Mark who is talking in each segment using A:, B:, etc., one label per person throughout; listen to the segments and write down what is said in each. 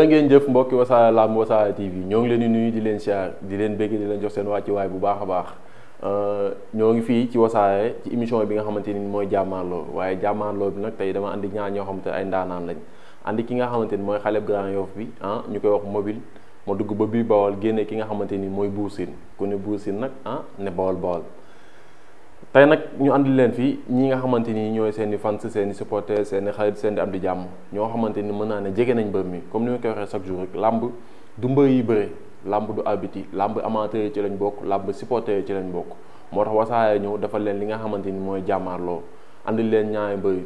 A: a ngeen jëf mbokki wasaare làmb wasaare TV ñoo ngi leen di nuyu di leen siyaar di leen bëgg di leen jox seen wàccuwaay bu baax a baax euh, ñoo ngi fii ci wasaare ci émission bi nga xamante ni mooy jàmmaarloo waaye jàmmaarloo bi nag tey dama indi ñaar ñoo xamante ay ndaanaan lañ andi ki nga xamante ni mooy xale Grand Yoff bi ah ñu koy wax mobile ma dugg ba biir Bawol génne ki nga xamante ni mooy buur Sine ku ne Bour Sine nag ah ne Bawol Bawol. tey nag ñu andi leen fii ñi nga xamante ni ñooy seen i fans seen i seeni xarit seen i am di jàmm ñoo xamante ni mën naa ne jege nañ mbër mi comme ni ma koy waxee chaque jour rek làmb du bëre làmb du abiti làmb amateur yi ci lañ bokk làmb supporters ci lañ bokk moo tax wasaare ñëw dafa leen li nga xamante ni mooy jàmmaarloo andi leen ñaari mbër yi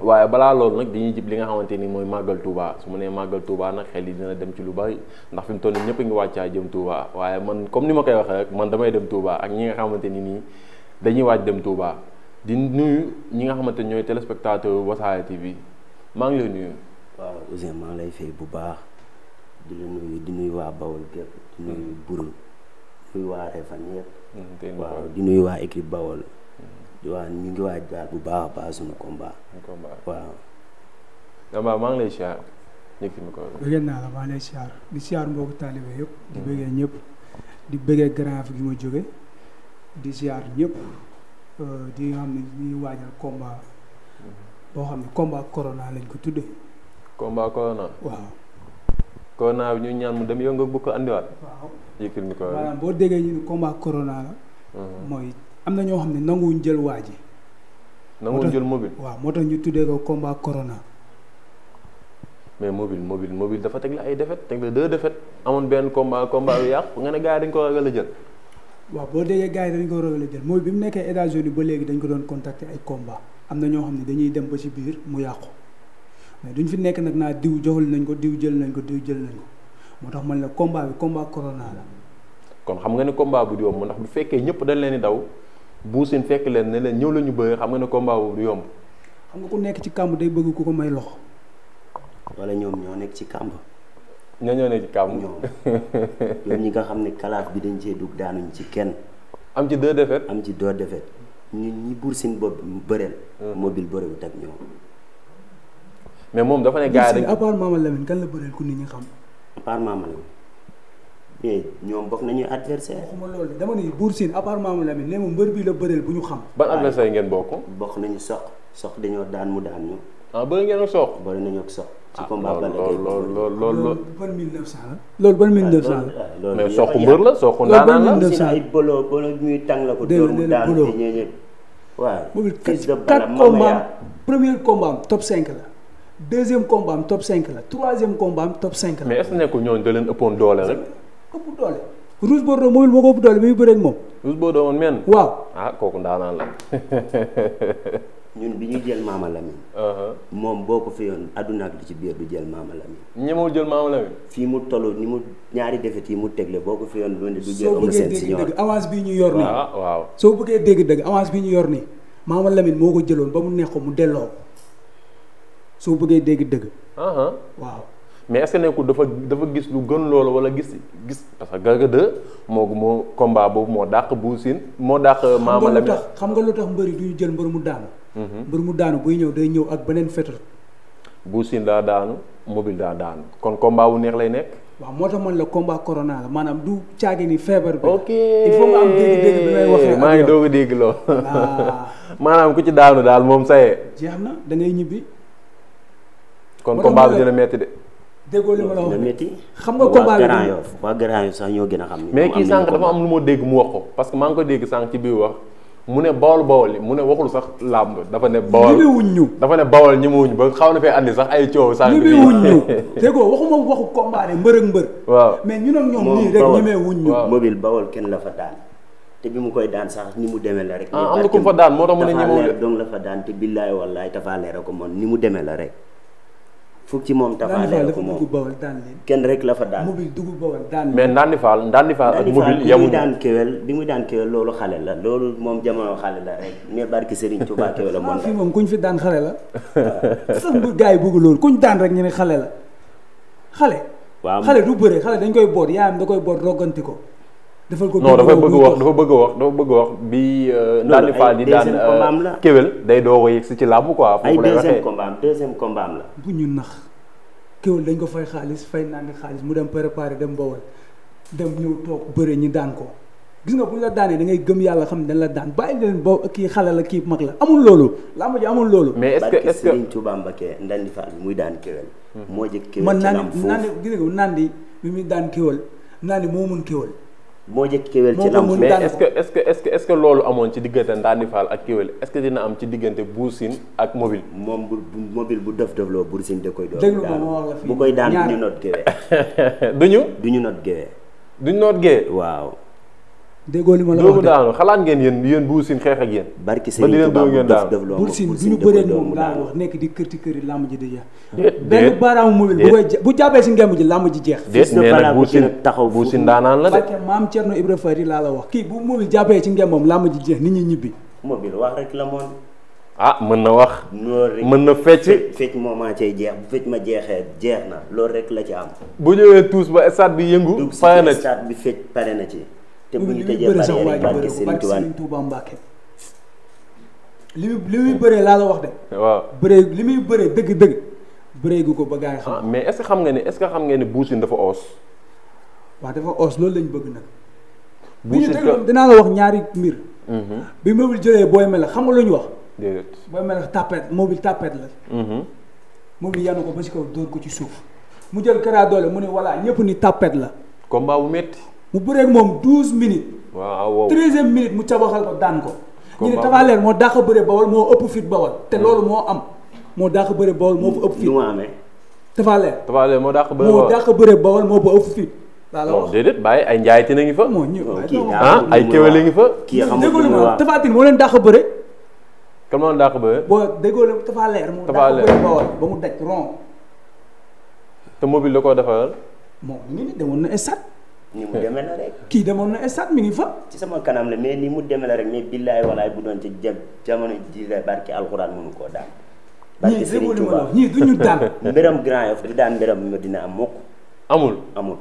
A: waaye balaa loolu nag dañuy jib li nga xamante ni mooy màggal Touba su mu nee màggal Touba nag xel yi dina dem ci lu bari ndax fi mu toll ñëpp a wàccaa jëm Touba waaye man comme ni ma koy waxee rek man damay dem Touba ak ñi nga xamante ni nii dañuy waaj dem Touba di nuyu ñi nga xamante ñooy téléspectateur Wassare TV maa ngi lay nuyu. waaw Ouzin maa lay fay bu baax du la nuyu di nuyu
B: waa Bawol gépp di nuyu mm-hmm. Buru di nuyu waa Réfane yëpp. Mm-hmm, waaw di nuyu waa équipe Bawol. Mm-hmm. waaw ñu ngi waaj daal bu baax a baax suñu combat. waaw.
A: Damba maa ngi lay siyaar. bëggee naa
C: la maa ngi lay yëpp. di bëggee ñëpp di bëggee Grand Yoff gi jóge di ziar ñëpp euh, di nga xam ne ñuy waajal combat boo xam ne combat korona lañ ko tuddee.
A: combat corona. waaw. corona bi ñu ñaan mu dem yow nga bëgg andiwaat. waaw yëkkil mi ko. maanaam
C: boo déggee ñu ne combat corona mhm. mooy am na ñoo xam ne nanguwuñ jël waa ji.
A: nanguwuñ jël mobile
C: waaw moo tax ñu tuddee ko combat corona.
A: mais mobile mobile mobile dafa teg la ay défaite teg la deux défaite amoon benn combat combat bi yàqu nga ne gars yi dañ ko ragal a jël.
C: waaw boo déggee gars yi dañ ko réglé jël mooy bi mu nekkee États-Unis ba léegi dañ ko doon contacter ay combat am na ñoo xam ne dañuy dem ba ci biir mu yàqu mais duñ fi nekk nag naa diw joxul nañ ko diw jël nañ ko diw jël nañ ko moo tax man la combat bi combat corona la.
A: kon xam nga ne combat bu du yomb ndax bu fekkee ñëpp dañ leen di daw buusin fekk leen ne leen ñëw la ñu bëre xam nga ne combat bu du xam
C: nga ku nekk ci kàmb day bëgg ku ko may loxo.
A: walla ñoom ñoo nekk ci kàmb. ñoo ñoo ne ci kàmm ñoom
B: ñoom ñi nga xam ne kalaaf bi dañ cee dugg daanuñ ci kenn. am ci deux défaites am ci doo défaites ñun ñi buur seen bopp bëreel. Hmm. mobile bëreewut ak ñoom. mais moom dafa ne gars yi dañ. à
C: part Mama Lamine kan la bëreel xam.
B: à part Mama Lamine. mais eh, ñoom bokk nañu adversaire waxuma
C: loolu dama ni Bour Sine à part Mama Lamine ne moom mbër bii la bëreel bu ñu xam
B: ban adversaire ngeen bokk bokk nañu sox sox dañoo daan mu daan ñu ah
A: bëri ngeen ak sox bëri nañu sox ci ah, combat Balla Gaye loolu ba loolu loolu.
C: ban 1900 la.
B: loolu ban
A: 1900 la. mais soxu mbër la soxu ndaanaan la. loolu ko. doomu
C: la. deuxième troisième combat am top
A: mais est ce da leen ëppoon doole rek. ëpp
C: doole. Rouge
A: ko ah, ndaanaan la. ñun bi ñuy jël maama Lamine. Uh-huh.
B: moom boo ko fi yoon àdduna ak li ci biir du jël maama Lamine.
A: ñemewul jël maama Lamine. fii mu toll ni mu
B: ñaari defet yi mu tegle boo ko fi yoon du jël. Eumeu Sène senior
C: ah, soo bëggee dégg ñu yor nii. waaw waaw soo dégg dëgg avance bi ñu yor nii maama Lamine moo ko jëloon ba mu neex mu delloo ko soo bëggee dégg dëgg.
A: Uh-huh. waaw. mais est nekkul dafa dafa gis lu gën loolu wala gis gis parce que Garga 2 moo moo combat boobu moo dàq Boussine moo dàq. maama Lamine
C: xam nga lu tax xam nga lu tax mbëri du jël mbër mu daanu
A: Mhm. mbër mu daanu buy ñëw day ñëw ak beneen fetal Bou Sine daa daanu mobile daa daanu kon combat wu neex lay nekk waaw moo tax man la
C: komba korona la maanaam du caagi ni feebar bi maa ngi
A: doog dégg lool ku ci daanu daal moom sayee jeex na dangay ñibbi kon combat bi dina metti de déggoo li ma la wax metti xam nga combat bi waa sax ñoo gën a xam mais kii sànq dafa am lu ma dégg mu wax ko parce que maa ngi ko dégg sànq ci biir wax mu ne bawol bawol yi mu ne waxul sax làmb dafa ne bawol ñemewuñ ñu dafa ne bawol ñemewuñ ba xaw na fee andi sax ay coow sànq ñemewuñ ñu déggoo
C: waxuma waxu combat mbër ak mbër
A: waaw mais ñun ak ñoom nii rek
B: ñemewuñ ñu mobile bawol kenn la fa daan te bi mu koy daan sax ni mu demee la rek ah, am na ku fa daan moo tax mu ne ñemewuñ donc la fa daan te billaay wallaay tafaa leer ko moom ni mu demee la rek fukk ci moom tafaalee ko moom kenn rek la fa daan mais Ndandi Fall Ndandi Fall ak mobile bi muy daan bi muy daan kéwél loolu xale la loolu moom jamono xale la rek mais barki Serigne Touba kéwél la moom la fii
C: moom fi daan xale la sax bu gars yi bëgg loolu kuñ daan rek ñu ne xale la xale waaw xale du bëre xale dañ koy boot yaayam da koy boot rogganti ko dafa ko bëgg wax
A: dafa bëgg wax dafa bëgg wax bi. daan di faal di daan euh, kéwél day doog a yegg si ci làmb quoi. foofu lay waxee ay deuxième
B: la.
C: bu ñu nax kéwél dañ ko fay xaalis fay naa ngi xaalis mu dem préparer dem bawal dem ñëw toog bëre ñi daan ko gis nga bu ñu la da ngay gëm yàlla xam dañ la daan bàyyi leen kii xale la kii mag la amul loolu làmb ji amul loolu. mais est que est-ce que Serigne
B: Touba hmm. moo jëkk kéwél ci làmb foofu man naan naan
C: gis nga naan bi muy daan kéwél naan moo mun kéwél moo njëkk kéwél ci lamb mais est-ce que
A: est-ce que est-ce que est-ce que loolu amoon ci diggante Ndandi Fall ak kéwél est-ce dina am ci diggante Bour Sine ak mobile moom bu mobile bu def defloo Bour Sine da koy doon déglu ma
C: wax la fii bu koy daan duñu not
A: géwél duñu duñu not géwél duñu not géwél waaw déggoo li ma la wax daanu xalaat ngeen yéen yéen Bour Sine xeex ak yéen. barki sëriñ Tuubaa ngeen daanu Bour
C: Sine bu ñu bëree moom laa wax nekk di kërti këri làmb ji di jeex. benn baaraamu mobile bu koy bu jàppee si ngemb ji làmb ji jeex. déet nee na Bour Sine
A: taxaw Bour Sine la
C: wax. kii bu mobile jàppee ci ngembam làmb ji jeex nit ñi ñibbi. mobile wax rek la moom.
A: ah mën na wax. mën na fecc. fecc
B: moment cay jeex bu fecc ma jeexee jeex na loolu rek la ci am.
A: bu ñëwee tuus ba stade bi
B: yëngu. pare na ci bi fecc pare na ci te bu ñu tëjee barrière yi
C: barke
A: li muy bëree laa la wax de. waaw bëree li muy bëree dëgg dëgg bëree gu ko ba gars yi xam. Ah, mais est xam nga ne est ce que xam nga ne Boussine dafa oos.
C: waaw dafa oos loolu lañ bëgg nag.
A: Boussine bi dinaa
C: la wax ñaari mbir. Mhm. bi mobile jëlee booy melax xam nga lu ñu wax. déedéet booy melax tapet mobile tapet la. mobile mhm. yanu ko ba si kaw dóor ko ci suuf mu jël Kara Dollé mu ne voilà ñëpp ni tapet la. combat bu metti mu bëreeg moom douze minutes.
A: waaw treizième
C: minute mu cabaxal ko daan ko. ñu ne Tapha moo dàq a bëre Bawol moo ëpp fit Bawol te hmm. loolu moo am moo dàq a bëre Bawol
A: moo ëpp fit. Tapha Leer Tapha moo dàq a bëre moo dàq
C: a bëre Bawol moo fa ëpp fit.
A: bàyyi ay njaaytin a ngi fa. moo ah ay kéwél a ngi fa. kii ma Tapha Tine moo leen dàq a bëre. kan moo leen a bëre. bon déggoo la Tapha Leer moo dàq a bëre ba mu daj ron. te mobile da koo defaral.
C: bon ñu ne demoon na esat
B: ni mu demee la rek. kii demoon na stade mi ngi fa. ci sama kanam la mais ni mu demee la rek mais billaay ay bu doon ci jëm jamono ji la barki alxuraan mënu koo daan. barki Serigne Touba ñii du ñu daan. mbiram Grand Yoff am mukk. amul amul.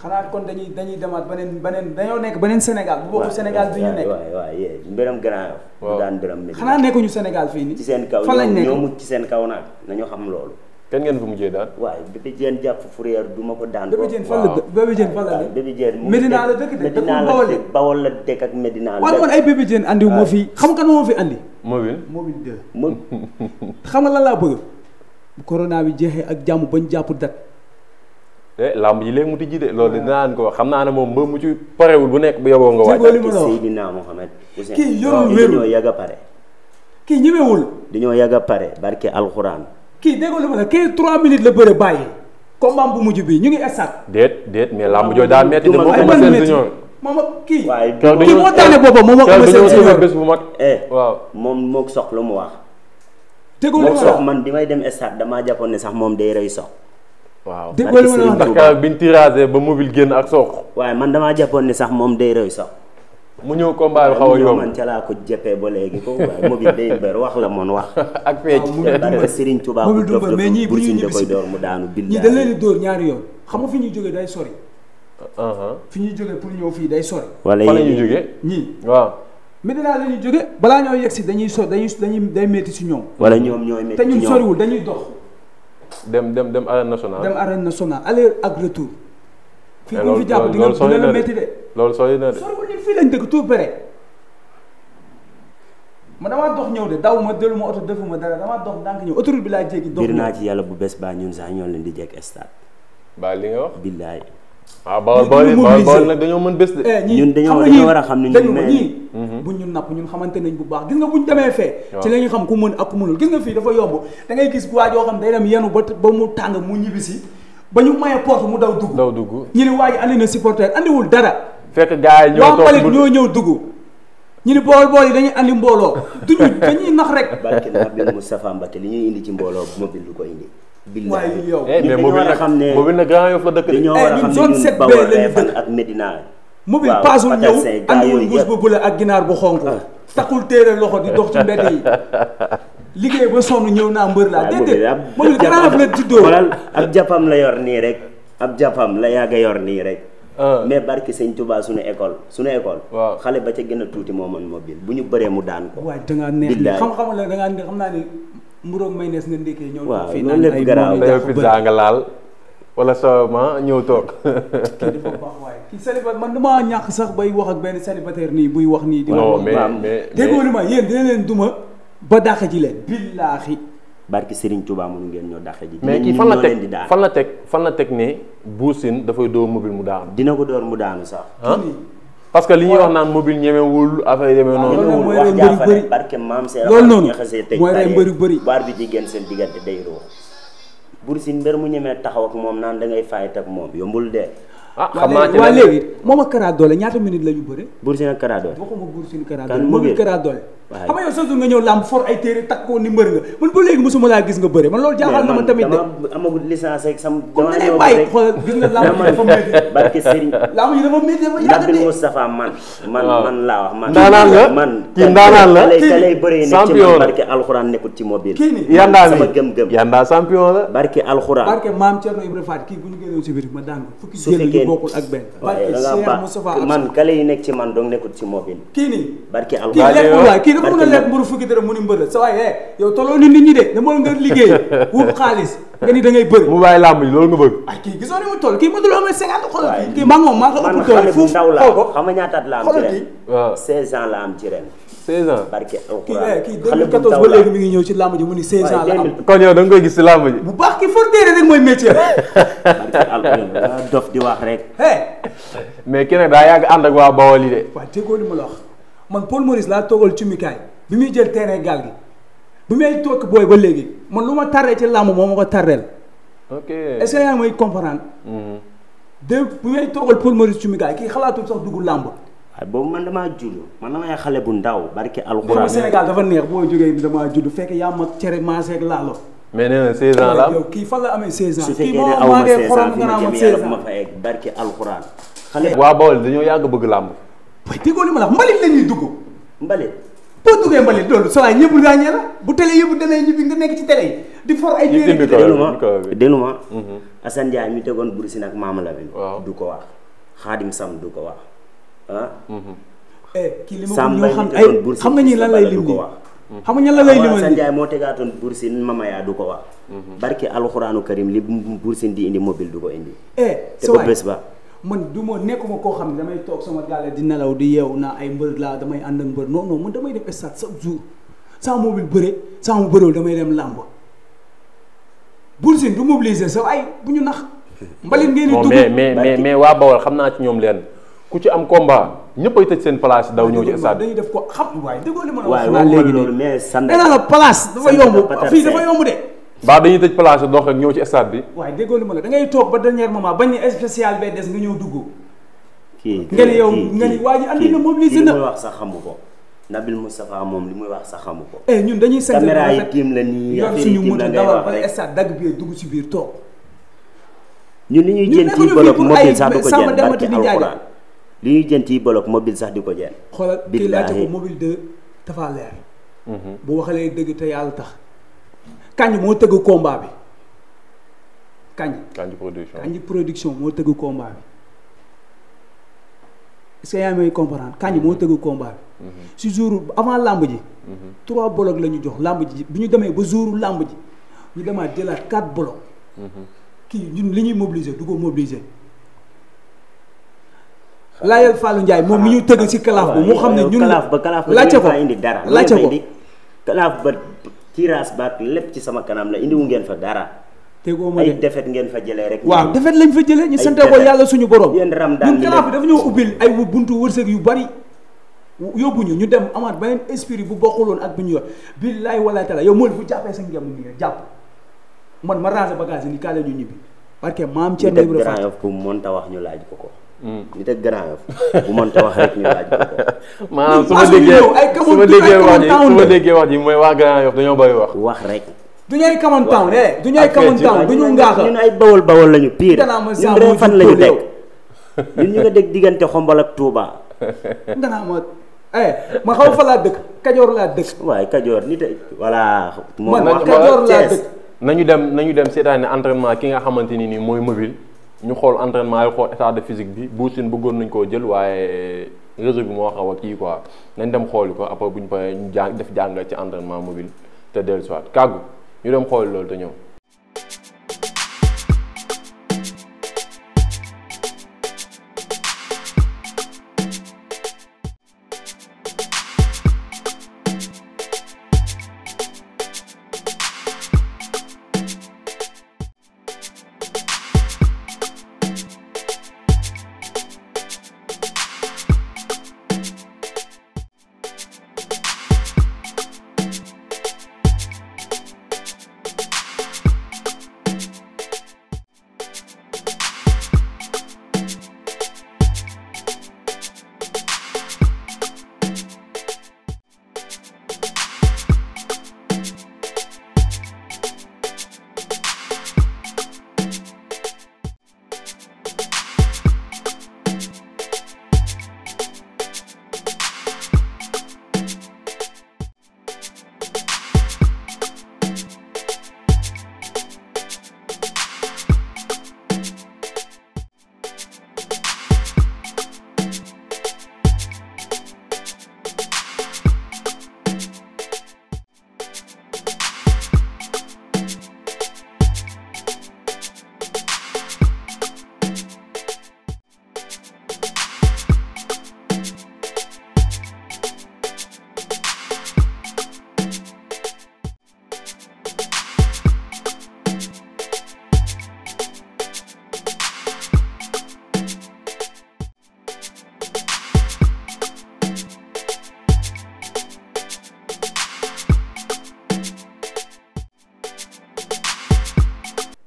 C: xanaa kon dañuy dañuy demaat beneen beneen dañoo nekk beneen
B: Sénégal bu bokku Sénégal bi ñu nekk waaw waaw mbiram Grand Yoff. waaw daan mbiram Medina. xanaa nekkuñu Sénégal fii nii. ci seen kaw ñoom ñoom ci seen kaw nag nañu xam loolu. kenn ngeen fi mujjee daan. waaye Bébé jàpp fourrière du ma ko daan. Bébé Diène fan la dëkk Bébé Diène fan la dëkk. Bébé la dëkk ak Medina la dëkk. waaw man ay
C: moo fi xam kan moo fi andi.
A: mobile mobile 2.
C: xam jeexee ak jàmm bañ jàpp dat.
A: eh làmb ji mu tijji de loolu dinaa ko xam naa ne moom mbër mu ci parewul bu nekk bu yoboo nga. waaj ak Seydina Mohamed. kii yorul wérul
B: kii ñemewul. dañoo yàgg a pare barke alxuraan
C: kii déggoo lu ma la kii 3 minutes la bëre bàyyi combat bu mujj bii ñu ngi estat.
A: déet déet mais làmb jooju daa metti moo ko mënee
C: suñu waaye kii moo daane boppam moom ak eh,
B: bu mag. Eh, waaw moom moog sox lu mu man bi may dem estat damaa jàppoon ne sax moom day rey sox. waaw déggoo lu ma la wax ndax
A: biñ tirage ba mobile
B: génn ak sox. waaye man damaa jàppoon ne sax moom day rey sox.
A: mu ñëw combat bi xaw a yomb man ca
B: laa ko jëppee ba léegi ko waaye mobile day mbër wax la moon wax. ak fecc waaw Serigne Touba ko dof dof mais ñii bu ñuy ñibbisi door mu daanu billaay ñii dañ leen
C: di dóor ñaari yoon xam nga fi ñuy jógee day sori. Uh-huh. fi ñuy jógee pour ñëw fii day sori. wala yéen ñuy jógee
A: ñii waaw.
C: Medina la ñuy jógee balaa ñoo yegg si dañuy so dañuy dañuy day métti si ñoom.
A: wala ñoom ñooy métti si ñoom te ñun soriwul dañuy dox. dem dem dem arène nationale. dem
C: arène nationale aller ak retour.
A: fii ku eh, fi jàpp di nga dina la métti de. loolu sori na de
C: fii lañ dëkk tout près ma damaa dox ñëw de daw ma dellu ma oto defuma dara damaa dox ndànk ñëw autoroute bi laa jéggi. dox biir naa ci
B: yàlla bu bees baa ñun sax ñoo leen di jekk stade. ba li nga wax billaay. ah
A: Bawol Bawol Bawol nag dañoo mën bés de. Eh, ñun dañoo dañoo war a xam ne ñun mais ñii mhm. buñ ñu napp
C: ñun xamante nañ bu baax gis nga buñ demee fee. ci la xam ku mën ak ku mënul gis nga fii dafa yomb da ngay gis waa joo xam day dem yenu ba ba mu tàng mu ñibbisi ba ñu maye porte mu daw dugg. daw dugg ñu waa ji andi na supporter andiwul dara fekk gars yi. ñoo toog ñoo ñëw dugg. ñu ni bool bool yi dañuy andi mbooloo duñu dañuy nax rek. barke
B: Nabil Moustapha Mbacké li ñuy indi ci mbooloo mobile du ko indi.
C: billahi
A: yow eh, mais mobile nag eh, a
C: xam ne
B: ñun Bawol
A: Refane
C: ak Medina. mobile paasul ak ginaar bu xonk. Ah. taxul téere loxo di dox ci mbedd yi. liggéey ba sonn ñëw naa mbër laa déedéet
B: mobile grand yof la juddoo. ak jàppam la yor nii rek ab jàppam la yàgg yor nii rek. Euh. mais barki sëñ Touba suñu école suñu école. waaw xale ba ca gën a tuuti moo mën mobile bu
A: ñu bëree mu daan ko. waaye
C: da ngaa neex xam-xam la da ngaa xam naa ni mburoog may nees nga ndékkee ñëw. waaw loolu lépp garaaw la pizza
A: nga laal wala sa ma ñëw toog.
C: kii man damaa ñàkk sax bay wax ak benn célibataire nii buy wax nii. di non mais mais déggoo li ma yéen dina leen duma ba dàq ji leen. billaahi
A: barki Serigne Touba mënu ngeen ñoo dàqe ji. mais kii fan na teg fan la teg fan la teg ne Bou Sine dafay dóor mobile mu daanu. dina ko door mu daanu sax. Ah? parce que li ñuy wax naan mobile ñemewul affaire yeme ah, noonu. loolu wax jaafare
B: barke maam Seydou. loolu noonu mooy rey mbëri bëri baar bi di seen diggante day roo. Bou Sine mu ñemee taxaw ak moom naan da ngay fayit ak moom yombul de ah xam naa ci waaw léegi
C: moom ak Kara Dollé ñaata minute la ñu bëre. Bou Sine ak Kara Dollé. waxuma Bou Sine Kara Dollé mobile Kara Dollé waaw xam nga yow sa nga ñëw làmb for ay téere takk ni mbër nga man ba léegi mosuma laa gis nga bëre man loolu jaaxal na ma tamit de amagul licence ak sam dama ñëw bàyyi xoolal gis nga làmb yi dafa métti
A: barke
B: Serigne làmb yi man man man laa wax man ndaanaan la man kii ndaanaan ci man barke alxuraan nekkul ci mobile kii nii yandaa sama gëm-gëm yandaa champion la barke alxuraan
C: barke kii bu ñu ma daan ko fukki jël yu bokkul ak benn barke man
B: kale yi nekk ci man dong nekkul ci mobile nga mën a lekk
C: mburu fukki dërëm mu ni mbër la sa waaye eh, yow toloo ni ñi de dama nga liggéey wut xaalis nga ni da ngay bëri mu bàyyi làmb ji loolu nga bëgg ay kii gisoo ni mu toll kii mu dul amee cinquante xool kii maa moom maa
B: ñaataat la am ci la am ci ren
A: seize ans eh, mi
C: ngi ñëw ci làmb ji mu ni
A: kon yow da nga koy gis ci làmb ji bu baax
C: ki forteere rek mooy métier
A: barke rek eh. mais kii nag daa yàgg ànd ak waa Bawol yi de
C: man Paul Maurice laa toogal cumikaay bi muy jël terrain gaal gi bi may toog booy ba léegi man lu ma taree ci làmb moo ma ko tarreel may comprendre mhm. de bi may toogal Paul Maurice cumikaay kii xalaatul sax dugg làmb waaye boobu man damaa judd man damay xale bu ndaw
B: barki alxuraan Sénégal
C: dafa neex boo jógee damaa judd fekk yaa mag cere maaseeg laalo
B: mais nee na
A: 16 ans kii fan la amee 16 ans. su fekkee ne aw ma 16 ans fi ma jëm yàlla bu ma fa egg barki alxuraan. xale waa Bawol dañoo yàgg bëgg làmb
C: waaye déggoo li ma la mbalit la ñuy dugg mbalit boo duggee mbalit loolu sa waay ñëpp gaañee la bu télé yëpp demee ñibbi nga nekk ci télé yi di for ay
B: déluma a mhm. Assane Ndiaye mi tegoon buri si nag maama du ko wax Xaadim Sam du ko wax ah mhm.
C: eh, kii li ma ñoo xam ay eh,
B: xam nga ñi lan lay lim du ko wax mhm. xam nga ñan la lay limal Assane Ndiaye moo tegaatoon Boursin Mamaya du ko wax barke alxuraanu karim li Boursin di indi mobile du ko indi eh, te ba
C: man du ma nekkuma koo xam ne damay toog sama gàlle di nelaw di yeew naa ay mbër laa damay ànd ak mbër non non man damay def stade chaque jour sans mobile bëre sans mu bëreel damay dem làmb Bour Sine du mobiliser sa ay bu ñu nax.
A: mbalit ngeen di dugg mais mais mais waa Bawol xam naa ci ñoom leen ku ci am combat ñëpp ay tëj seen place daw ñëw ci stade def ko
C: xam waaye déggoo ma la wax. waaye waxuma
A: loolu mais. sànni la place dafa yomb fii dafa yomb de. baa dañuy tëj place doo rek ñëw ci stade bi.
C: waaye déggoo li ma la da ngay toog ba dernier moment bañ ni spécial bay des nga ñëw dugg.
A: kii nga ni yow nga ni waa
C: ji andi na mobilisé na.
A: wax sax xamu ko Nabil
B: Moustapha moom li muy wax sax xamu ko. Eh, ñun dañuy sëñ caméra yi tiim la nii yor suñu moto dawal ba
C: stade dagg bi dugg ci biir toog.
B: ñun ni ñuy jën ci bolok mobile sax du ko jën barki alxuraan li ñuy jën ci bolok mobile sax du ko jën. xoolal kii laajte ko
C: mobile de dafa leer. Mhm. bu waxalee dëgg te yàlla tax kañ moo tëgg combat
A: bi kañ. kañ production
C: production moo tëgg combat bi est-ce que yaa may comprendre kañ moo tëgg combat bi. Mm-hmm. si jour avant làmb ji. Mm-hmm. trois blocs la ñu jox làmb ji bi ñu demee ba jouru làmb ji ñu demaat jëlaat quatre blocs. Mm-hmm. kii ñun li ñuy mobiliser du ko mobiliser. Layel Fallou Ndiaye moom mi ñu tëgg si kalaaf bi mu xam ne ñun. kalaaf ba kalaaf ba
B: laajte tirage baak lépp ci sama kanam la indiwu ngeen fa dara. tegoo ma ay defet ngeen fa jëlee rek. waaw defet lañ
C: fa jëlee ñu sante ko yàlla suñu borom. yéen
B: ramadan bi dafa
C: ñoo ubbil ay buntu wërsëg yu bari. yóbbuñu ñu ñu dem amaat beneen esprit bu bokkuloon ak bu ñu yor billaay walaay taala yow mooy bu jàppee sa ngëm nii rek jàpp man ma ranger bagage yi nii kaa la ñibbi parce maam Thierno Ibrahima.
B: ñu def grand wax ñu laaj ko ko.
A: Mm. nit ak grand bu maanaam su ma déggee su ma déggee wax ji mooy waa grand yof dañoo bëri wax. wax rek.
C: du ñooy kamantaan de
A: du ñooy kamantaan du ñu
B: ngaaxa ñun ay bawol bawol lañu piir ñun ree fan lañu ñu nga dégg diggante xombal ak Touba.
C: nga naa eh, ma xaw fa laa
B: dëkk kajoor laa dëkk. waaye kajoor ni tey
A: voilà. moom kajoor laa dëkk nañu dem nañu dem seetaan ne ki nga xamante ni nii mooy mobile. ñu xool entraînement yi xool état de physique bi buusin bëggoon nañ koo jël waaye réseau bi moo xaw a kii quoi nañ dem xooli ko après bu ñu paree ñu def jàng ci entraînement mobile te dellusiwaat kàggu ñu dem xooli loolu te ñëw.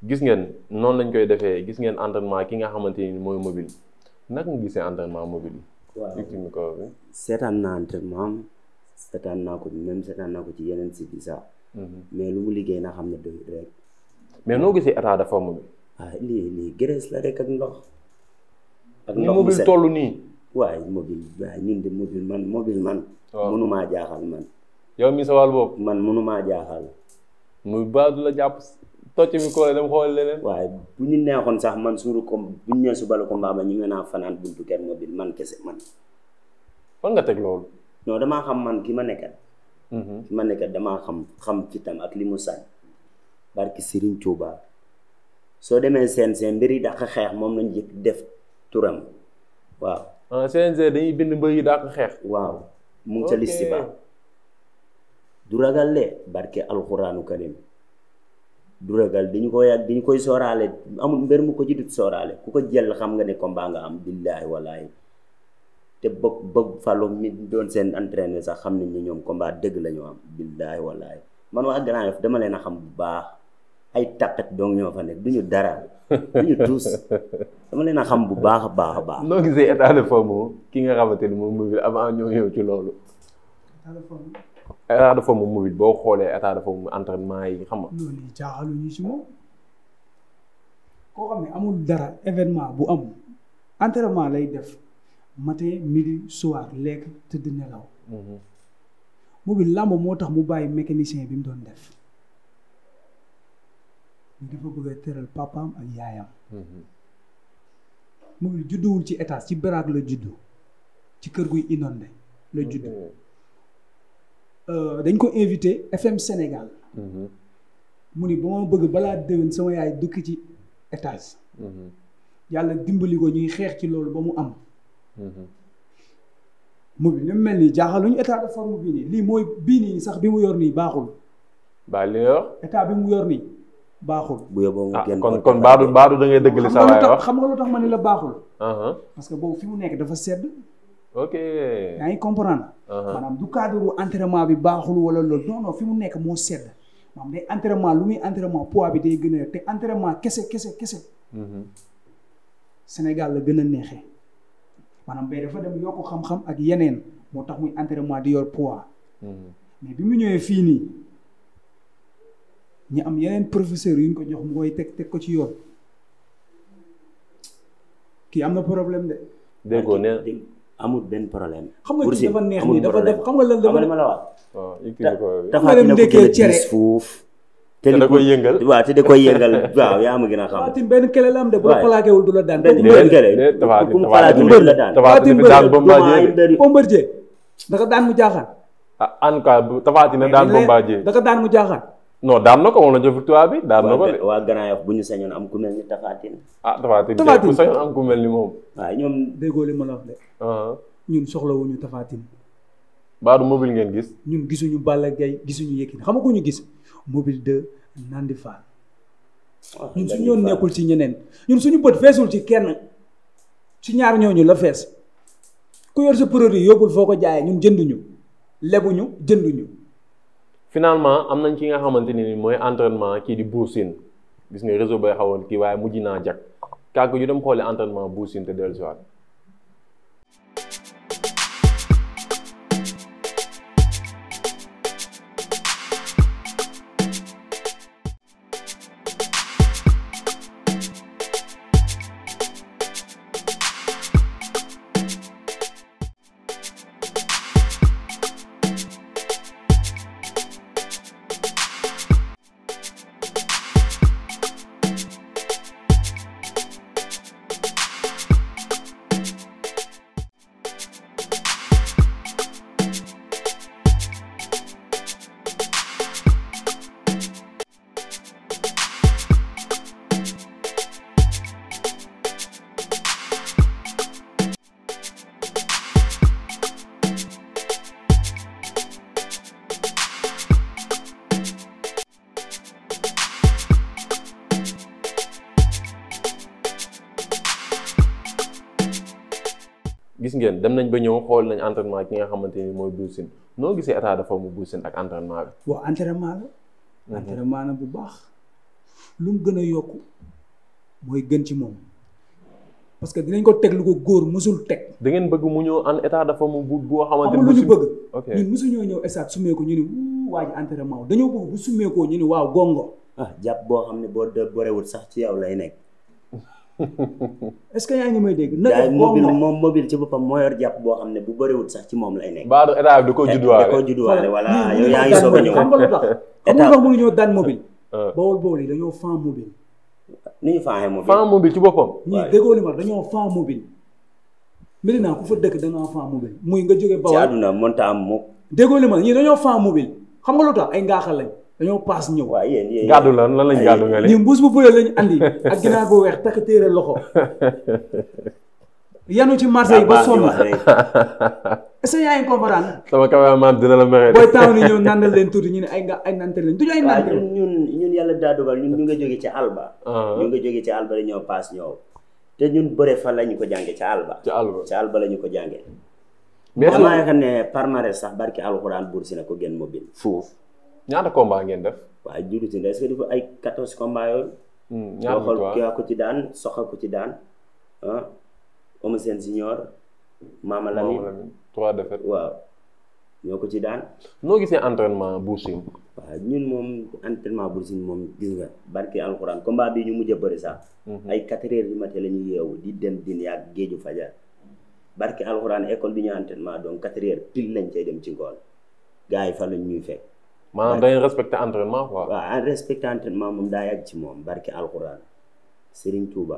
A: gis ngeen noonu lañ koy defee gis ngeen entraînement ki nga xamante ni mooy mobile naka mu gisee entraînement mobile yi. waaw ko seetaan naa entraînement
B: seetaan naa ko même seetaan naa ko ci yeneen si bi sax. Mhm. mais lu mu liggéey na xam ne doy rek.
A: mais noo gisee état de forme bi.
B: ah lii lii graisse la rek ak ndox. ak ndox mobile toll nii. waaye mobile waaye ñun de mobile man mobile man. waaw mënumaa jaaxal man.
A: yow mi sa wàll boobu. man mënumaa jaaxal. muy baax du la jàpp.
B: tocc bi ko dem xool leneen. waaye bu ñu neexoon sax man suuru comme bu ñu nee suba la combat ma ñu ngi naa fanaan buntu kër mobile man kese man. fan nga teg loolu. non damaa xam man ki ma nekkat. Mhm. ki ma nekkat damaa xam xam fitam ak li mu sañ. barki Serigne Touba soo demee CNG mbir yi dàq xeex moom lañu jëkk def turam waaw.
A: ah CNG dañuy bind mbir yi dàq xeex. waaw mu ngi ca liste ba.
B: du ragal le barke alxuraanu karim du ragal dañu ko yàgg dañu koy soraale amul mbir mu ko ci dut sooraale ku ko jël xam nga ne combat nga am billaahi wallaahi te bëgg bëgg Fallou mi doon seen entraîneur sax xam nañ ne ñoom combat dëgg la ñu am billaahi wallaahi man waa Grand Yoff dama leen a xam bu baax ay taqat dong ñoo fa nekk du dara
A: du ñu tuus
B: dama leen a xam bu baax a baax a
A: baax. noo gisee état de forme nga xamante ni moom mooy avant ñoo ñëw ci loolu. état de forme mobile boo xoolee état de forme entraînement yi xam nga.
C: loolu jaaxaluñu ci moom koo xam ne amul dara événement bu am entraînement lay def matin midi soir lekk tëdd nelaw. Mhm. mobile làmb moo tax mu bàyyi mécanicien bi mu doon def. dafa bëgg tëral papaam ak yaayam. Mhm. mobile judduwul ci état ci baraag la juddu ci kër guy inondé la juddu. Mhm. Euh, dañ ko invité FM Sénégal. Mhm. mu ni ba ma bëgg balaa déwén sama yaay dëkk ci étage. Mhm. yàlla dimbali ko ñuy xeex ci loolu ba mu am. Mhm. mu bi li mel nii jaaxaluñu état de forme bii nii lii mooy bii nii sax bi mu yor nii baaxul. ba li yor état bi mu yor nii
A: baaxul. bu yóbboo mu ah, génn kon kon baadu baadu da ngay dëgg li sa waay
C: xam nga lu tax ma ni la baaxul. Uh-huh. parce que boobu fi mu nekk dafa sedd. ok yaa ngi comprendre. Uh-huh. maanaam du cadre entraînement bi baaxul wala loolu non fi mu nekk moo sedd maanaam day entrement lu muy entraînement pois bi day gën a te entrement kese kese kese. Mm-hmm. Sénégal la gën a neexee maanaam bay dafa dem yokk xam-xam ak yeneen moo tax muy entraînement di yor pois mm-hmm. mais bi mu ñëwee fii nii ñu am yeneen professeur yu ñu ko jox mu koy teg teg ko ci yoon kii am na problème
B: de. déggoo nee amul benn problème. Boury dafa neex nii dafa def xam nga lan dafa ma la wax. waaw oh, ko te da koy yëngal waaw te da koy yëngal waaw yaa ma gën a xam.
C: Fatim benn kele la am de la plaqué wul du la daan. benn kele
B: ku mu
A: plaqué daan. Fatim bëri Bombardier dafa daan mu jaaxaan. ah en tout cas Tafatina daan daan mu jaaxaan. non daan na ko moom la jël victoire bi daan na ko de. waa Grand Yoff bu ñu sañoon am ku mel ni Tapha Tine. ah Tapha Tine bu sañoon am ku mel
C: ma la wax de. Uh-huh. ñun soxlawuñu Tapha Tine. mobile ngeen gis. ñun gisuñu Balla Gaye gisuñu Yékini xam nga ko ñu gis mobile de Nandi Fall. ñun suñu yoon nekkul ci ñeneen ñun suñu bët feesul ci kenn ci ñaar ñooñu la fees ku yor sa produit yóbbul foo ko jaayee ñun jënduñu lebuñu jënduñu.
A: finalement am nañ ci nga xamante ne ni mooy entraînement kii di Bour Sine gis nga réseau bay xawoon kii waaye mujj naa jag kàgg ñu dem xooli entraînement Bour Sine te dellusiwaat Gueye dem nañ ba ñëw xool nañ entraînement ki nga xamante ni mooy Bour Sine noo gisee état de forme Bour Sine ak entraînement bi. waaw entraînement
C: mhm. bu baax lu mu gën a yokk mooy gën ci moom parce que dinañ ko teg lu ko góor musul teg. da ngeen bëgg mu ñëw en état de forme bu boo xamante ni lu ñu bëgg. ok ñun ñëw état summeeku ko ñu ni waa ji entraînement dañoo bëgg bu sumee ñu ni waaw gongo. ah jàpp boo xam ne boo borewul sax ci yow lay nekk. est-ce que yaa ngi may dégg. naka
A: mobile
B: moom mobile ci boppam moo yor jàpp boo xam ne bu bëriwul sax ci moom lay nekk. ba
A: état koo eh, judduwaale da koo judduwaale voilà yow a ñëw. xam nga lu tax xam nga
C: mu ngi ñëw daan mobile. Euh. bawol bawol yi dañoo fan mobile. ni ñu fanee mobile mobile ci boppam. ñii déggoo li ma dañoo fan mobile. Medina ku fa dëkk da ngaa muy nga jógee bawol ci àdduna mënta am mu déggoo li ma ñii dañoo fan mobile xam nga lu tax ay ngaaxal lañ dañoo paas ñëw. waaw yéen yéen gàddu lan lan lañ gàddu nga
A: leen. ñun mbuus bu bële lañ andi. ak ginaar bu
C: weex takk téere loxo.
A: yanu ci marché yi ba sonn.
C: est ce que yaa ngi comprendre.
A: sama cameraman dina la mexe. booy taw ni ñëw
C: nandal leen tuuti ñu ne ay nga ay nante lañ du ñu ay nante. waaw ñun ñun yàlla daa dogal ñun ñu nga
B: jóge ci àll ba. Ah. ñu nga jóge ci àll ba dañoo paas ñëw. te ñun bëre fan la ñu ko jàngee ca àll ba. ca àll ba ca àll ba la ñu ko jàngee. mais xam ne parmarès sax barki alxuraan buur si na ko gën mobile. foofu ñaata combat ngeen def. waaw Doudou Sine est-ce que dafa ay 14 combat ko ci daan soxa ko ci daan ah Homme Sène Junior. Mama Lamine Mama Lamine trois défaites waaw. ñoo ko ci daan. noo gisee entraînement Bour Sine. waaw ñun moom entraînement Bour Sine moom gis nga barki alxuraan combat bi ñu mujj a bëri sax. Hmm. ay 4 heures du matin la ñu yeewu di dem din yaag géeju fajar. barki alxuraan école bi ñu entraînement donc 4 heures pile lañ cay dem ci ngoon gars yi fa lañ ñuy fekk. maanaam da ngeen respecté entraînement quoi. waaw respecté entraînement moom ci moom barki alxuraan Serigne Touba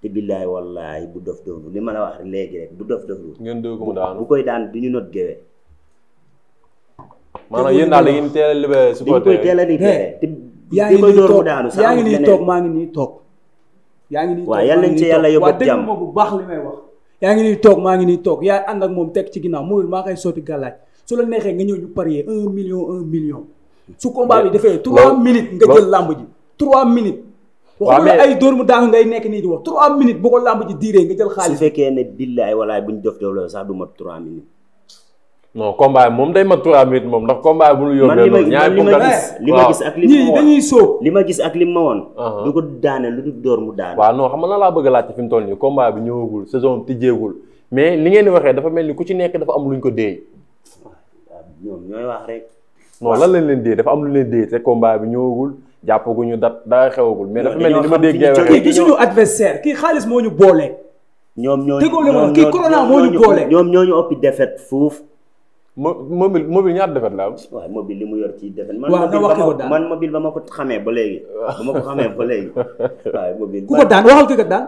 B: te billaay wallaay bu dof dof li ma la wax léegi rek bu dof dof. ngeen koy daan du ñu not géwél.
A: maanaam yéen daal da ngeen teel a libéré supporter dañ koy a libéré. yaa ngi nii toog
C: maa ngi nii toog. yaa ngi nii toog waaw yàlla nañ ca yàlla yóbbu bu baax li may wax. yaa ngi nii toog maa ngi nii toog yaa ànd ak moom teg ci ginnaaw mu maa koy sotti gàllaaj su la neexee nga ñëw ñu parier un million un million. su combat bi defee trois minutes nga jël làmb ji trois minutes. waaw mais ay dóor mu daanu ngay nekk nii di wax trois minutes bu ko làmb ji diiree nga jël xaalis.
B: fekkee ne billaay walaay bu ñu def loolu sax du mat
A: moom day mat trois minutes moom ndax combat bu ñu yóbbee noonu ñaari li ma gis li li ma li ma gis ak li ma woon uh-huh. du ko daane lu dul dóor mu daane waaw xam nga laa bëgg a laajte fi mu toll nii combat bi ñëwagul saison tijjeegul mais li ngeen di waxee dafa mel ni ku ci nekk dafa am luñ ko déey
B: ñoom
C: ñooy wax rek.
A: non lan lañ leen dee dafa am lu leen dee te combat bi ñëwagul jàppaguñu dat daa xewagul. mais dafa mel ni li ma dégg kii di suñu
C: adversaire kii xaalis moo
A: ñu boole. ñoom
B: ñoo ñu kii corona moo ñu boole. ñoom ñoo ñu ëpp défaite fuuf. mo mobile mobile ñaar defet la am. mobile li mu yor ci defet. man mobile ba ma ko xamee ba léegi. ba ma ko xamee ba léegi. ku ko daan waxal ki daan.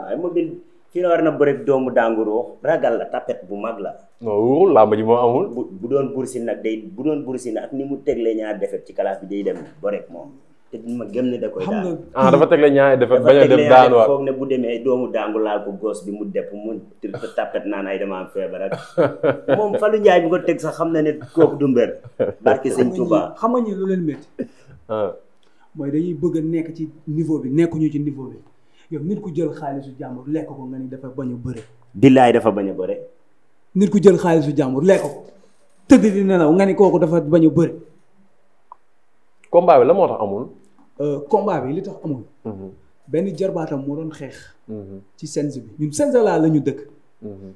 B: kii war na bëre doomu danguroo ragal la tapet bu mag la. non wóorul làmb ji moo amul. bu bu doon bursin nag day bu doon bursin ak ni mu tegle ñaar defet ci kalaas bi day dem bëre moom te ma gëm ne da koy ah, dafa
A: tegle ñaari defet dem daan
B: ne bu demee doomu dangu laal ko bi mu depp mu tapet naan ay dama am feebar ak
C: moom
B: Fallou Ndiaye bi ko teg
C: sax xam na ne
A: kooku du mbër. barke sëñ Touba
C: xam nga lu leen métti. Ah. mooy dañuy bëgg a nekk ci niveau bi nekkuñu ci niveau bi. yow nit ku jël xaalisu jàmbur lekk ko nga ni dafa bañ a bëre.
B: billaay dafa bañ a bëre.
C: nit ku jël xaalisu jàmbur lekk ko tëdd di nelaw nga ni kooku dafa bañu a bëre. combat bi la moo tax amul. Euh, combat bi li tax amul. Mhm. benn jarbaatam moo doon xeex. Mhm. ci sense bi ñun sense laa la ñu dëkk. Mhm.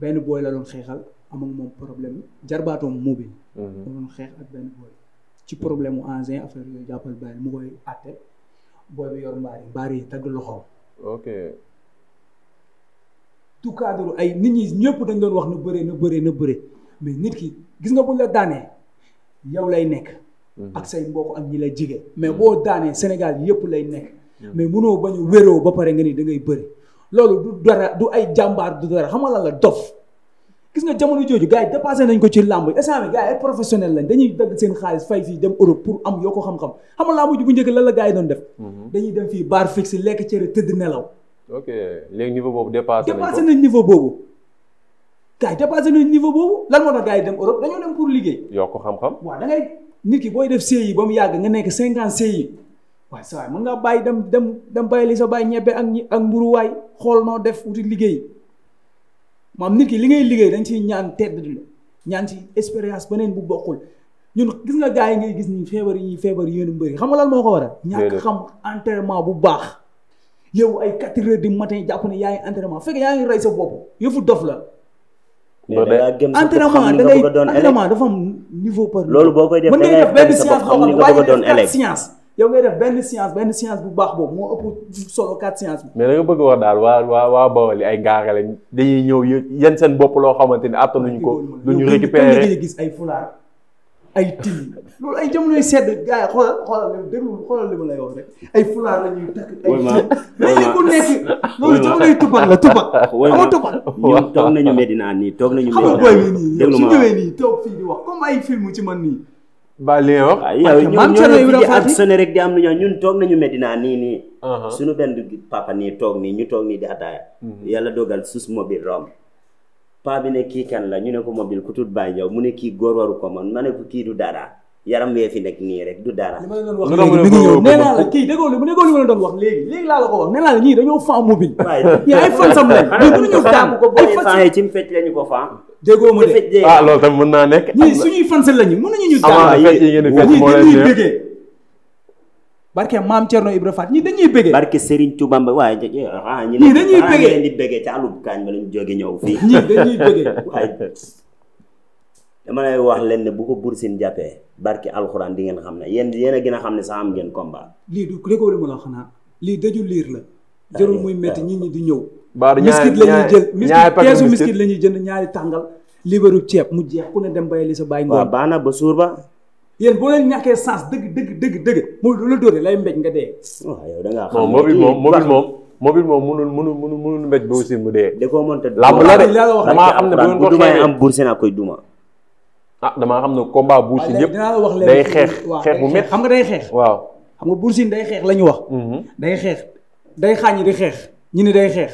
C: benn booy la doon xeexal amag moom problème jarbaatam moo bi. moo doon xeex ak benn booy. ci problème mu engin affaire yooyu jàppal bàyyi mu koy àtte booy bi yor mbaari mbaari
A: yi dagg loxoom. ok.
C: tout cadre ay nit ñi ñëpp dañ doon wax na bëree na bëree na bëree mais nit ki gis nga buñ la daanee yow lay nekk. Mhm. ak say mbokk ak ñi lay jigéen mais mhm. boo daanee Sénégal yëpp lay nekk. mais mënoo bañ a wéroo ba pare nga ni da ngay bëri. loolu du dara du ay jàmbaar du dara xam nga lan la dof. gis nga jamono jooju gars yi dépassé nañ ko ci làmb instant bi gars yi ay professionnel lañ dañuy dagg seen xaalis fay fii dem Europe pour am yoo ko xam-xam xam nga làmb ji bu njëkk lan la gars yi doon def mhm. dañuy dem fii bar fixe lekk cere tëdd nelaw
A: boobu dépassé nañ
C: niveau boobu gars yi boobu lan moo tax gars yi dem Europe dañoo dem pour liggéey yoo ko xam-xam waaw da ngay nit ki booy def CI ba mu yàgg nga nekk cinq ans CI waaye saa waay mën ngaa bàyyi dem dem dem bàyyi li sa bàyyi ñebe ak ak mburu xool noo def wuti liggéey maam nit ki li ngay liggéey dañ ciy ñaan tedd di la ñaan ci expérience neen bu bokkul ñun gis nga gaa yi ngay gis ni feebar yi feebar yéen mbëri xam nga lan moo ko waral ñàkk xam entraînement bu baax yow ay quatre heures du matin jàpp ne yaa ngi entraînement fekk sa bopp yëfu dof la
B: entraînement da ngay entraînement
C: dafa am niveau par loolu boo koy def mën ngay def benn science boo xam science yow ngay def benn science benn bu baax boobu moo ëpp solo quatre science
A: mais da nga bëgg wax daal waa waa waa Bawol ay ngaaka lañ dañuy ñëw yéen seen bopp loo xamante ni attanuñ ko duñu récupérer
C: gis ay fulaar ay till loolu ay jamonoy sedd gars yi xoolal xoolal lim déglu xoolal li ma lay wax rek ay fulaar la ñuy takk ay mais ku nekk loolu jamonoy tubaab la tubaab ama tubaab
B: ñun toog nañu Medina nii toog nañu Medina déglu ma su
C: nii toog fii di wax comme ay film ci man nii
A: ba li wax. maam Thierno Ibrahima Fati ak
C: sonné rek di
B: am na ñun toog nañu Medina nii nii. Uh-huh. papa nii toog ni ñu toog nii di ataaya. Mm-hmm. yàlla dogal sus mobile romb. paa bi ne kii kan la ñu ne ko mobile ku tudd Baye Diaw mu ne kii góor waru ko man ma ne ko kii du dara yaram wee fi nekk nii rek du dara. li ma leen doon wax léegi bi ñu nee naa la
C: kii déggoo li ma leen doon wax léegi léegi laa la ko wax nee naa la
A: déggoo ma de ah loolu tamit mën naa nekk. ñii suñuy fansal lañu
C: mën nañu ñu. amaa fecc yi
A: ngeen di fecc moo leen bëggee
C: barke maam Thierno Ibra Faat ñii
B: dañuy bëggee. ca alub kaañ ba lañu jóge ñëw fii. ñii dañuy bëggee dama lay wax leen bu ko Bour Sine jàppee barke alxuraan di ngeen xam na yenn yéen a gën a xam ne sa am gen combat.
C: lii du déggoo li ma la xanaa lii dajul liir la. jërul ah, muy metti nit ñi di ñëw baaru ñaari ñaari ñaari paquet ñuy jënd ñaari tàngal libaru ceeb mu jeex ku ne dem bayali sa bàyyi ngoon. waaw baax na ba suur ba. yéen boo leen ñàkkee dëgg dëgg dëgg dëgg mooy lu la dóoree lay mbéj nga dee. waaw
A: yow da ngaa xam mobile moom mobile moom. mobile moom mënul mënul mënul mënul mbéj ba aussi mu dee. da koo mënta làmb la de damaa xam ne bu ngeen ko am
B: bourse koy duma.
A: ah damaa xam ne combat Bour Sine yëpp day xeex xeex bu métti xam nga day xeex. waaw xam nga Bour Sine day xeex la ñu wax. Mhm.
C: day xeex day xaañi di xeex ñi ni day xeex.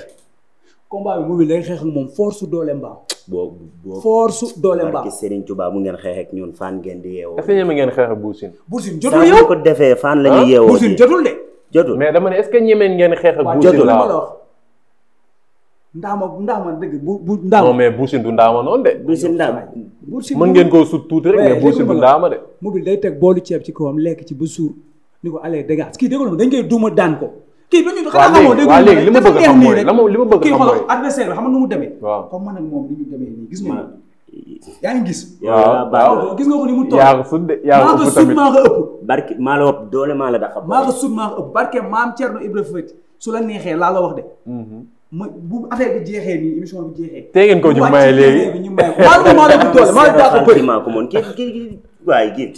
C: combat bi boobu xeex ak moom force su doole mbaa.
B: boobu boobu force
C: su doole mbaa.
B: Serigne Touba mu ngeen xeex ak ñun fan ngeen di
A: yeewoo. dafa ñeme ngeen xeex ak Boussine. Boussine jotul yow ko defee fan la ñuy yeewoo. Boussine jotul de. jotul mais dama ne est-ce que ñemeen ngeen xeex ak. Boussine la
C: waaw dëgg bu
A: bu ndaama. mais Boussine du ndaama noonu de. Boussine ndaama. Boussine mën ngeen koo sut tuuti rek mais Boussine du ndaama de.
C: mobile day teg boolu ceeb ci kawam lekk ci ba suur ni ko allez dégg kii déglu ma dañ koy duma daan ko kii ba ñu xanaa xamoo dégg nga léegi li ma bëgg xam mooy la ma li ma bëgg moom ni ñu demee nii gis nga yaa ngi gis waaw nga ko ni mu toog yaa ko
B: sut de yaa maa ko ëpp barke maa la ëpp doole maa la daxa maa ko
C: sut maa ko su la neexee laa la wax de mm-hmm. ma bu affaire bi jeexee bi jeexee
B: tey ngeen ko ñu maye léegi ñu maye maa la maa la ëpp maa la daxa bëri maa ko moon
C: kii
B: waaye kii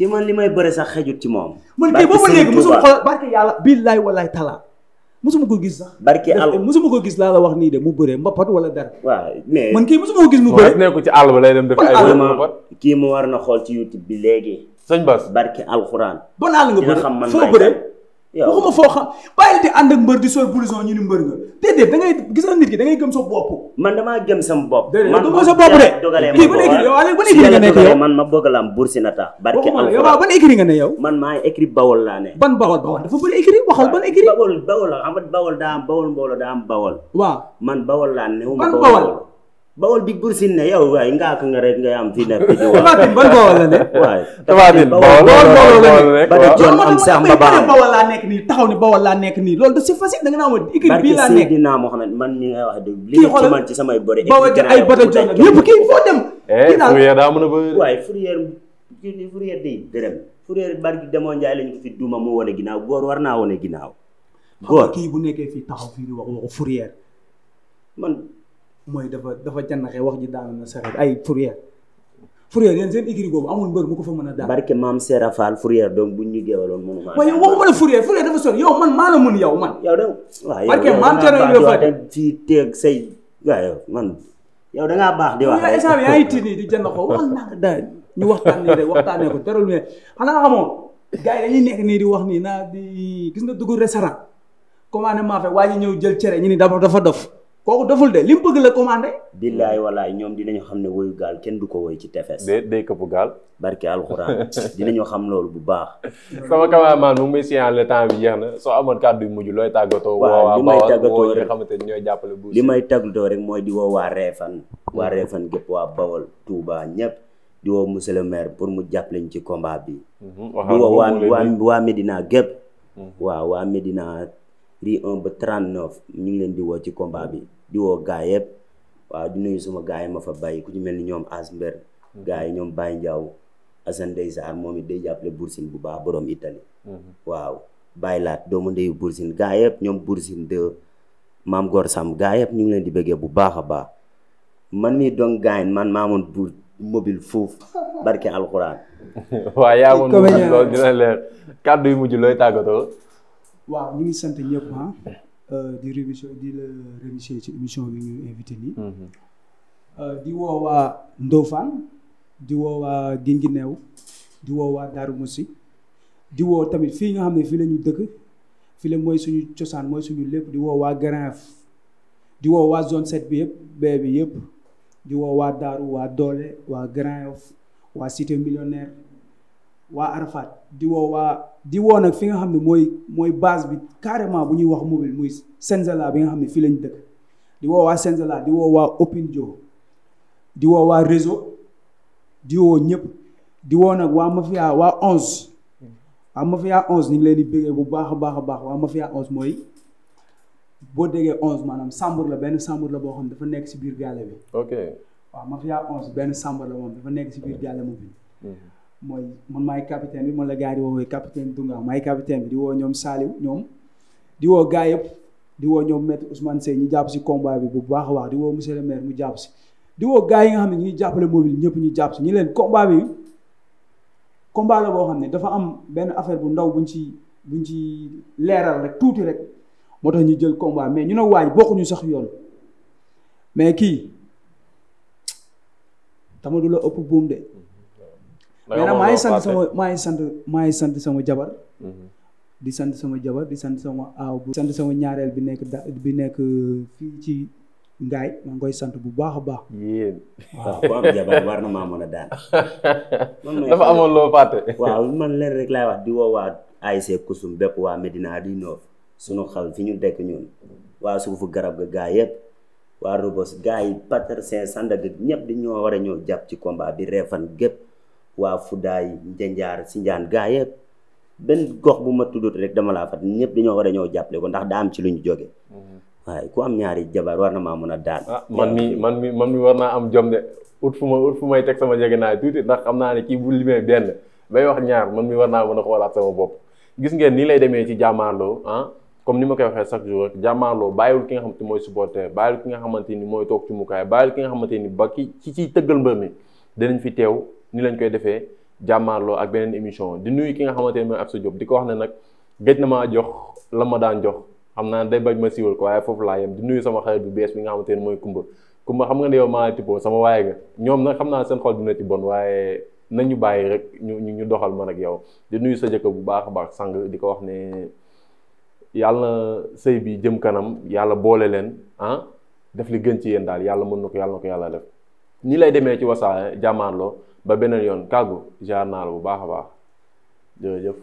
B: ki man li may bëre sax xejut ci moom. man kay boobu léegi musuma xool
C: barke yàlla billaay walaay ko gis sax. barke àll musuma ko gis laa la wax nii de mu bëree mbapat wala dara. waaw mais man kii musuma ko
B: gis mu bëree. nekku ci àll ba lay dem def ay mbapat. kii mu war na xool ci YouTube bi léegi. sëñ Bass barke alxuraan.
C: ba naa la nga bëri foo bëree waxuma foo xam bàyyil di ànd ak mbër di sol blouson ñu ni mbër nga déedéet da ngay gis nga nit ki dangay ngay gëm sa bopp man
B: damaa gëm sama bopp gëm sa bopp de kii man ma bëgg la am Boursinata barke yow waaw ban écrit nga ne yaw man maa écrit Bawol laa ne ban Bawol Bawol dafa bëri écrit waxal ban écrit Bawol Bawol xam nga Bawol daa am Bawol mbooloo daa am Bawol waaw man Bawol laa ne ban Bawol bawol big bur sin ne yow waay ngaak nga rek ngay am fii ne ba def nekk nii taxaw ni bawol
C: laa nekk nii lool da c'est facile da nga naa ma équipe bii laa nekk
B: barke Seydina Mohamed samay bëri bawol ay bata joon yëpp kii foo dem eh, kii daal fourrière daa mën a bëri waay fourrière fourrière day dërëm barki demoo njaay lañ ko fi duuma mu wane ginnaaw góor war naa wane ginnaaw
C: góor kii bu nekkee fii taxaw fii di wax waxu mooy dafa dafa jànnaxee wax ji daanu na sareet ay fourrière fourrière yéen seen écurie boobu amul mbër mu ko fa mën a daan barke
B: maam Sera Fall fourrière donc buñ ñu géewaloon mënu ma
C: waaw yow waxuma la fourrière fourrière dafa sori yow man maa la mën man yow da
B: ci teeg say waaw
C: yow da ngaa baax di wax rek instant bi yaa ngi tiit nii di jënd ko da ñu waxtaan nii rek ko terul ne xanaa xamoo gars yi nekk nii di wax nii naa di gis nga dugg restaurant commandé maa fe waa ñi ñëw jël cere ñu ni d'abord dafa dof kooku deful de li mu bëgg la commandé.
B: billaay walaay ñoom dinañu xam ne woyu gaal kenn du ko woy ci tefes. day day këpp gaal. barke alxuraan dinañu xam loolu bu baax.
A: sama cameraman mu ngi may le temps bi jeex na soo amoon kàddu yu mujj looy tàggatoo. waaw li may tàggatoo rek xamante ni ñooy jàppale bu
B: rek mooy di woo waa Réfane. waa Réfane gépp waa Bawol tuuba ñëpp. di woo le maire pour mu jàppale ñu ci combat bi.
A: Mhm, di woo waa waa
B: waa Medina gépp. Mhm. waaw waa Medina. ri 1 ba 39 ñu ngi leen diwoo ci combat bi. di woo gaay yëpp waaw di nuyu suma gaa yi ma fa bàyyi ku ci mel ni ñoom Asmber mhm. gaa yi ñoom Baye Ndiaw Assane Ndeye Sarr moom it day jàppale Boursine bu baax borom Italie mhm. waaw Baye Laat doomu ndeyu Boursine gaa yëpp ñoom Boursine de maam Gor Sam gaay yëpp ñu ngi leen di bëggee bu baax a baax man mii doon gaay man maamoon bu mobile foofu barke alxuraan
A: waaw yaa mun loolu
C: ngi sant ñëpp ah. Euh, di rémission di la remercier ci émission bi ñu invité nii. Mhm. Euh, di woo ndofaan Ndofane di woo waa Guinguinéo di woo waa Darou di woo tamit fii nga xam ne fii la dëkk fii la mooy suñu cosaan mooy suñu lépp di woo waa Grand di woo waa zone bi yëpp bee bi yëpp di woo waa Daaru waa Doole waa Grand Yoff waa Cité Millionnaire waa Arafat di woo waa di nag fi nga xam ne mooy mooy base bi carrément bu ñuy wax mobile muy Senzala bi nga xam ne fii lañ dëkk di woo waa Senzala di woo waa Opinjo di woo waa réseau di woo ñëpp di woo nag waa mafia waa onze waa mafia onze ñu leen di bëggee bu baax a baax baax waa mafia onze mooy boo déggee onze maanaam sàmbur la benn sàmbur la boo xam dafa nekk si biir gaale bi ok waaw mafia onze benn sàmbur la moom dafa nekk si biir gaale moom bi mm-hmm. mooy man maay capitaine bi man la gars yi di woowee capitaine Dunga maay capitaine bi di woo ñoom saali ñoom di woo gars yëpp di woo ñoom maître Ousmane Seye ñu jàpp si combat bi bu baax a baax di woo monsieur le maire mu jàpp si di woo gars yi nga xam ne ñuy jàppale mobile ñëpp ñu jàpp si leen combat bi boo xam ne dafa am benn affaire bu ndaw buñ ci buñ ci leeral rek tuuti rek moo tax ñu jël combat mais ñu ne waaj bokkuñu sax yoon mais kii tama du la ëpp buum de
A: mais maa ngi sant
C: maa ngi sant maa ngi sant sama jabar. Mm-hmm. di sant sama jabar di sant sama aaw bu sant sama ñaareel bi nekk da bi nekk uh, fii ci ngaay maa koy sant bu baax a baax. yéen waaw ku am jabar
B: war na a daan. dafa man leen rek laay wax di woo waa ASC Kusum bépp waa Medina di Noof sunu xal fi ñu dekk ñun waa suufu garab gaa yëpp waa Robos gaa yi Pater Saint Sandaga ñëpp di ñoo war a ñëw jàpp ci combat bi reefan gépp waa Fudaay Njanjaar Sinjaan gaa yëpp benn gox bu ma tuddut rek dama laa fat ñëpp dañoo war a ñëw jàppale ko ndax daa am ci lu ñu jóge waaye ku am ñaari jabar war na maa mën a daan ah, man mi
A: man mi man mi war naa am jom de ut fu ma ut fu may teg sama jege naa tuuti ndax xam naa ne ci bu limee benn bay wax ñaar man mi war naa mën a xoolaat sama bopp gis ngeen nii lay demee ci jàmmaarloo ah comme ni ma koy waxee chaque jour rek jàmmaarloo bàyyiwul ki nga xamante mooy supporter bàyyiwul ki nga xamante ni mooy toog ci mukaay bàyyiwul ki nga xamante ni ba ki ci ciy tëggal mbër mi danañ fi teew ni lañ koy defee jàmmaarloo ak beneen émission di nuyu ki nga xamante ne mooy Absa Diop di ko wax ne nag gëj na maa jox la ma daan jox xam naa day bañ ma siiwal ko waaye foofu laa yem di nuyu sama xarit bu bees bi nga xamante ne mooy Kumba Kumba xam nga ne yow maa tippoo sama waaye ñoom nag xam naa seen xol dina ci bon waaye nañu bàyyi rek ñu ñu doxal man ak yow di nuyu sa jëkkër bu baax a baax sang di ko wax ne yàlla sëy bi jëm kanam yàlla boole leen ah def li gën ci yéen daal yàlla mën na ko yàlla na ko yàlla def. ni lay demee ci wasaare jàmmaarloo ba beneen yoon kàggu jaar naa la bu baax a baax jërëjëf